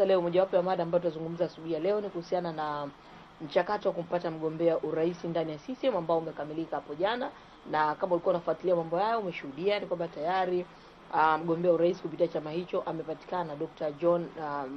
tutazungumza leo, mojawapo ya mada ambayo tutazungumza asubuhi ya leo ni kuhusiana na mchakato wa kumpata mgombea urais ndani ya CCM ambao umekamilika hapo jana, na kama ulikuwa unafuatilia mambo hayo umeshuhudia ni kwamba tayari ah, mgombea um, urais kupitia chama hicho amepatikana Dr. John uh,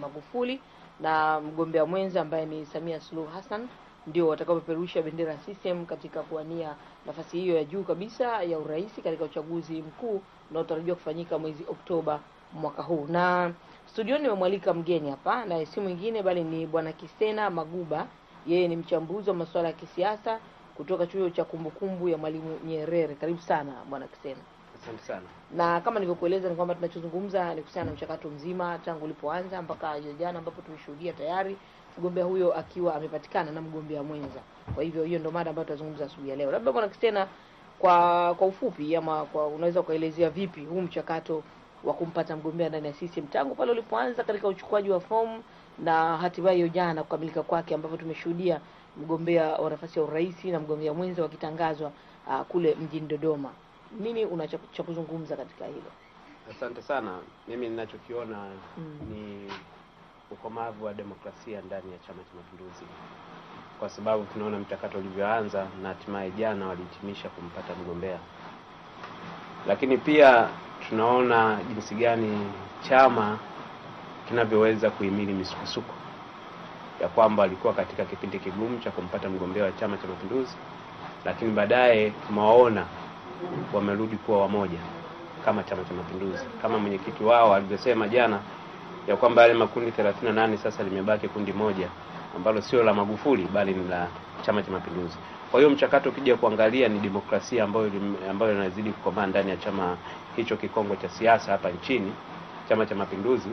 Magufuli na mgombea mwenza ambaye ni Samia Suluhu Hassan ndio watakaopeperusha bendera ya CCM katika kuwania nafasi hiyo ya juu kabisa ya urais katika uchaguzi mkuu unaotarajiwa kufanyika mwezi Oktoba mwaka huu na Studioni nimemwalika mgeni hapa na si mwingine bali ni Bwana Kisena Maguba. Yeye ni mchambuzi wa masuala ya kisiasa kutoka chuo cha kumbukumbu ya Mwalimu Nyerere. Karibu sana Bwana Kisena. Asante sana. Na kama nilivyokueleza ni kwamba tunachozungumza ni kuhusiana na mchakato mzima tangu ulipoanza mpaka jana ambapo tumeshuhudia tayari mgombea huyo akiwa amepatikana na mgombea mwenza. Kwa hivyo hiyo ndio mada ambayo tutazungumza asubuhi ya leo. Labda Bwana Kisena, kwa kwa ufupi ama kwa unaweza ukaelezea vipi huu mchakato wa kumpata mgombea ndani ya CCM tangu pale ulipoanza katika uchukuaji wa fomu na hatimaye hiyo jana kukamilika kwake, ambapo tumeshuhudia mgombea wa nafasi ya urais na mgombea mwenza wakitangazwa uh, kule mjini Dodoma. Nini una cha kuzungumza katika hilo? Asante sana. Mimi ninachokiona mm, ni ukomavu wa demokrasia ndani ya Chama cha Mapinduzi, kwa sababu tunaona mchakato ulivyoanza na hatimaye jana walihitimisha kumpata mgombea, lakini pia tunaona jinsi gani chama kinavyoweza kuhimili misukosuko ya kwamba alikuwa katika kipindi kigumu cha kumpata mgombea wa Chama cha Mapinduzi, lakini baadaye tumewaona wamerudi kuwa wamoja kama Chama cha Mapinduzi, kama mwenyekiti wao alivyosema jana ya kwamba yale makundi 38 sasa limebaki kundi moja ambalo sio la Magufuli bali ni la Chama cha Mapinduzi. Kwa hiyo mchakato ukija kuangalia ni demokrasia ambayo ambayo inazidi kukomaa ndani ya chama hicho kikongo cha siasa hapa nchini, Chama cha Mapinduzi.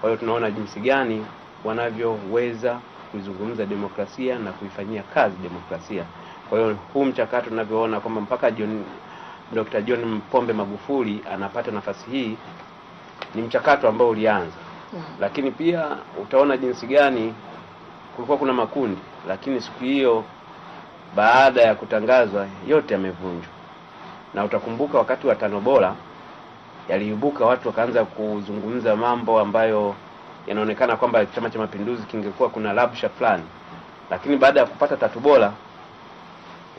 Kwa hiyo tunaona jinsi gani wanavyoweza kuizungumza demokrasia na kuifanyia kazi demokrasia. Kwa hiyo huu mchakato tunavyoona kwamba mpaka John, Dr. John Pombe Magufuli anapata nafasi hii ni mchakato ambao ulianza, mm. lakini pia utaona jinsi gani kulikuwa kuna makundi, lakini siku hiyo baada ya kutangazwa yote yamevunjwa, na utakumbuka wakati wa tano bora yaliibuka, watu wakaanza kuzungumza mambo ambayo yanaonekana kwamba Chama cha Mapinduzi kingekuwa kuna labsha fulani, lakini baada ya kupata tatu bora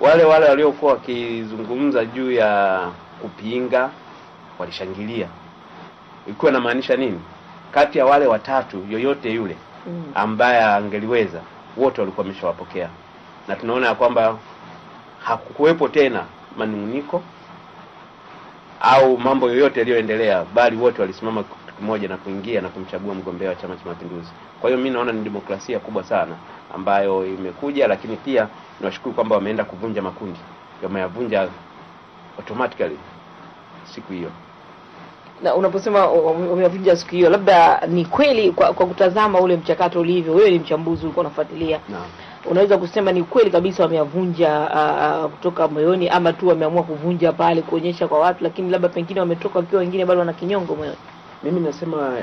wale wale waliokuwa wakizungumza juu ya kupinga walishangilia. Ilikuwa inamaanisha nini? Kati ya wale watatu yoyote yule mm. ambaye angeliweza, wote walikuwa wameshawapokea, na tunaona ya kwamba hakukuwepo tena manung'uniko, au mambo yoyote yaliyoendelea, bali wote walisimama moja na kuingia na kumchagua mgombea wa Chama cha Mapinduzi. Kwa hiyo mi naona ni demokrasia kubwa sana ambayo imekuja, lakini pia niwashukuru kwamba wameenda kuvunja makundi, wameyavunja automatically siku hiyo. Na unaposema wameyavunja siku hiyo, labda ni kweli kwa, kwa kutazama ule mchakato ulivyo, wewe ni mchambuzi, ulikuwa unafuatilia Naam unaweza kusema ni kweli kabisa wameyavunja kutoka moyoni, ama tu wameamua kuvunja pale kuonyesha kwa watu, lakini labda pengine wametoka wakiwa wengine bado wana kinyongo moyoni. Mimi nasema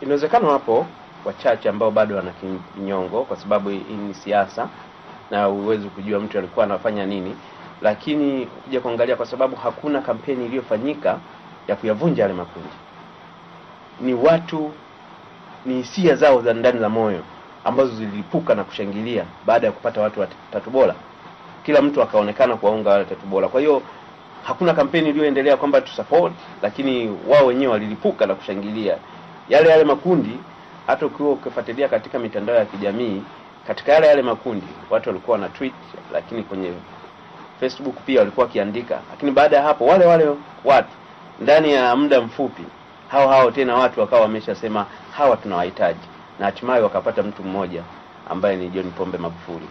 inawezekana wapo wachache ambao bado wana kinyongo, kwa sababu hii ni siasa na huwezi kujua mtu alikuwa anafanya nini, lakini kuja kuangalia, kwa sababu hakuna kampeni iliyofanyika ya kuyavunja yale makundi, ni watu, ni hisia zao za ndani za moyo ambazo zililipuka na kushangilia baada ya kupata watu watatu bora, kila mtu akaonekana kuwaunga wale watatu bora. Kwa hiyo hakuna kampeni iliyoendelea kwamba tu support, lakini wao wenyewe walilipuka na kushangilia yale yale makundi. Hata ukiwa ukifuatilia katika mitandao ya kijamii, katika yale yale makundi watu walikuwa wana tweet, lakini kwenye Facebook pia walikuwa wakiandika, lakini baada ya hapo wale wale watu ndani ya muda mfupi hao hao tena watu wakawa wameshasema hawa tunawahitaji na hatimaye wakapata mtu mmoja ambaye ni John Pombe Magufuli.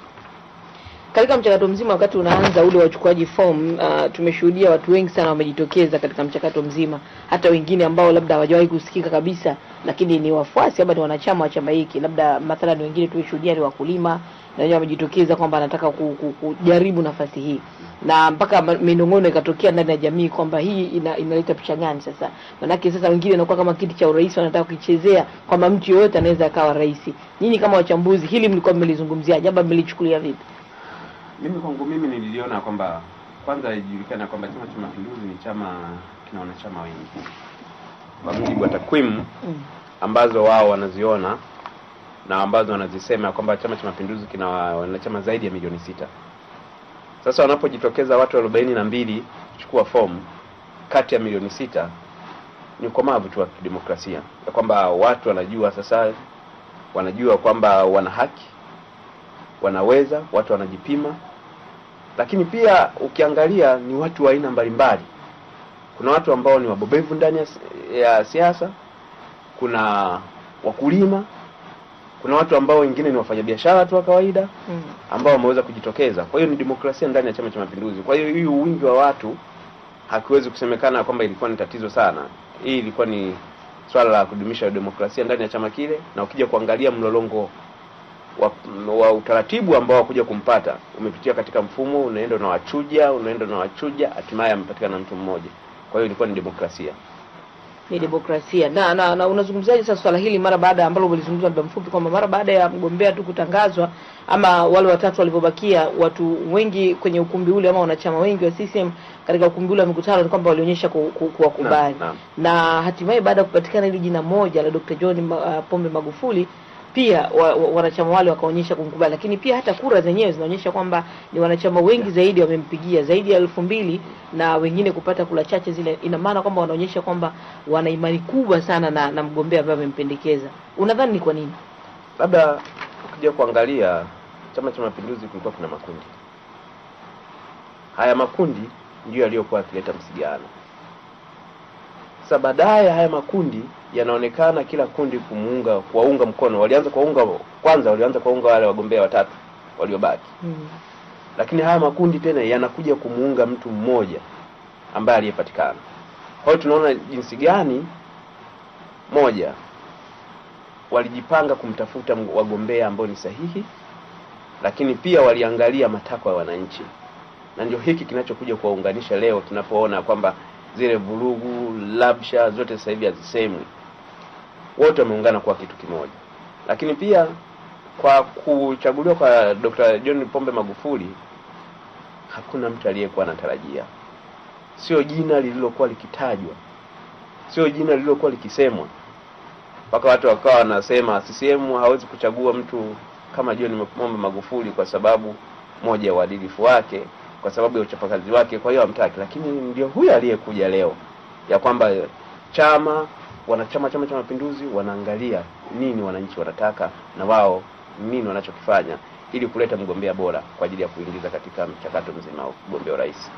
Katika mchakato mzima, wakati unaanza ule wachukuaji fomu, uh, tumeshuhudia watu wengi sana wamejitokeza katika mchakato mzima, hata wengine ambao labda hawajawahi kusikika kabisa, lakini ni wafuasi ama ni wanachama wa chama hiki. Labda mathalan, wengine tumeshuhudia ni wakulima na wenyewe wamejitokeza kwamba anataka kujaribu nafasi hii, na mpaka minong'ono ikatokea ndani ya jamii kwamba hii ina, inaleta picha gani sasa? Maanake sasa wengine inakuwa kama kiti cha urais wanataka kukichezea kwamba mtu yoyote anaweza akawa rais. Nyinyi kama wachambuzi, hili mlikuwa mmelizungumzia jaba, mmelichukulia vipi? Mimi kwangu mimi niliona kwamba kwanza ijulikana kwamba Chama cha Mapinduzi ni chama kina wanachama wengi kwa mujibu wa takwimu mm. ambazo wao wanaziona na ambazo wanazisema kwamba Chama cha Mapinduzi kina wanachama zaidi ya milioni sita. Sasa wanapojitokeza watu arobaini na mbili kuchukua fomu kati ya milioni sita, ni ukomavu tu wa kidemokrasia ya kwamba watu wanajua sasa, wanajua kwamba wana haki, wanaweza, watu wanajipima. Lakini pia ukiangalia ni watu wa aina mbalimbali. Kuna watu ambao ni wabobevu ndani ya siasa, kuna wakulima kuna watu ambao wengine ni wafanyabiashara tu wa kawaida mm. ambao wameweza kujitokeza. Kwa hiyo ni demokrasia ndani ya Chama cha Mapinduzi. Kwa hiyo hii wingi wa watu hakiwezi kusemekana kwamba ilikuwa ni tatizo sana. Hii ilikuwa ni swala la kudumisha demokrasia ndani ya chama kile, na ukija kuangalia mlolongo wa, wa utaratibu ambao wakuja kumpata umepitia katika mfumo, unaenda wachuja, unaenda wachuja, hatimaye amepatikana mtu mmoja. Kwa hiyo ilikuwa ni demokrasia ni demokrasia. Na na, na unazungumzaje sasa swala hili mara baada ambalo ulizungumza muda mfupi kwamba mara baada ya mgombea tu kutangazwa ama wale watatu walivyobakia, watu wengi kwenye ukumbi ule ama wanachama wengi wa CCM katika ukumbi ule wa mikutano ni kwamba walionyesha kuwakubali na, na, na hatimaye baada ya kupatikana hili jina moja la Dr. John uh, Pombe Magufuli pia wa, wa, wanachama wale wakaonyesha kumkubali, lakini pia hata kura zenyewe zinaonyesha kwamba ni wanachama wengi zaidi wamempigia zaidi ya elfu mbili na wengine kupata kura chache zile. Ina maana kwamba wanaonyesha kwamba wana imani kubwa sana na, na mgombea ambaye amempendekeza Unadhani ni kwa nini? Labda ukija kuangalia Chama cha Mapinduzi kulikuwa kuna makundi haya, makundi ndio yaliyokuwa yakileta msigano. Sasa baadaye haya makundi yanaonekana kila kundi kumuunga kuwaunga mkono. Walianza kuwaunga kwanza, walianza kuwaunga wale wagombea watatu waliobaki mm. Lakini haya makundi tena yanakuja kumuunga mtu mmoja ambaye aliyepatikana. Kwa hiyo tunaona jinsi gani moja, walijipanga kumtafuta wagombea ambao ni sahihi, lakini pia waliangalia matakwa ya wananchi, na ndio hiki kinachokuja kuwaunganisha leo tunapoona kwamba zile vurugu, labsha zote sasa hivi hazisemwi, wote wameungana kuwa kitu kimoja. Lakini pia kwa kuchaguliwa kwa Dr. John Pombe Magufuli hakuna mtu aliyekuwa anatarajia, sio jina lililokuwa likitajwa, sio jina lililokuwa likisemwa, mpaka watu wakawa wanasema CCM hawezi kuchagua mtu kama John Pombe Magufuli kwa sababu moja ya uadilifu wake kwa sababu ya uchapakazi wake, kwa hiyo hamtaki. Lakini ndio huyu aliyekuja leo ya kwamba chama wanachama Chama cha Mapinduzi wanaangalia nini wananchi wanataka na wao nini wanachokifanya ili kuleta mgombea bora kwa ajili ya kuingiza katika mchakato mzima wa mgombea urais.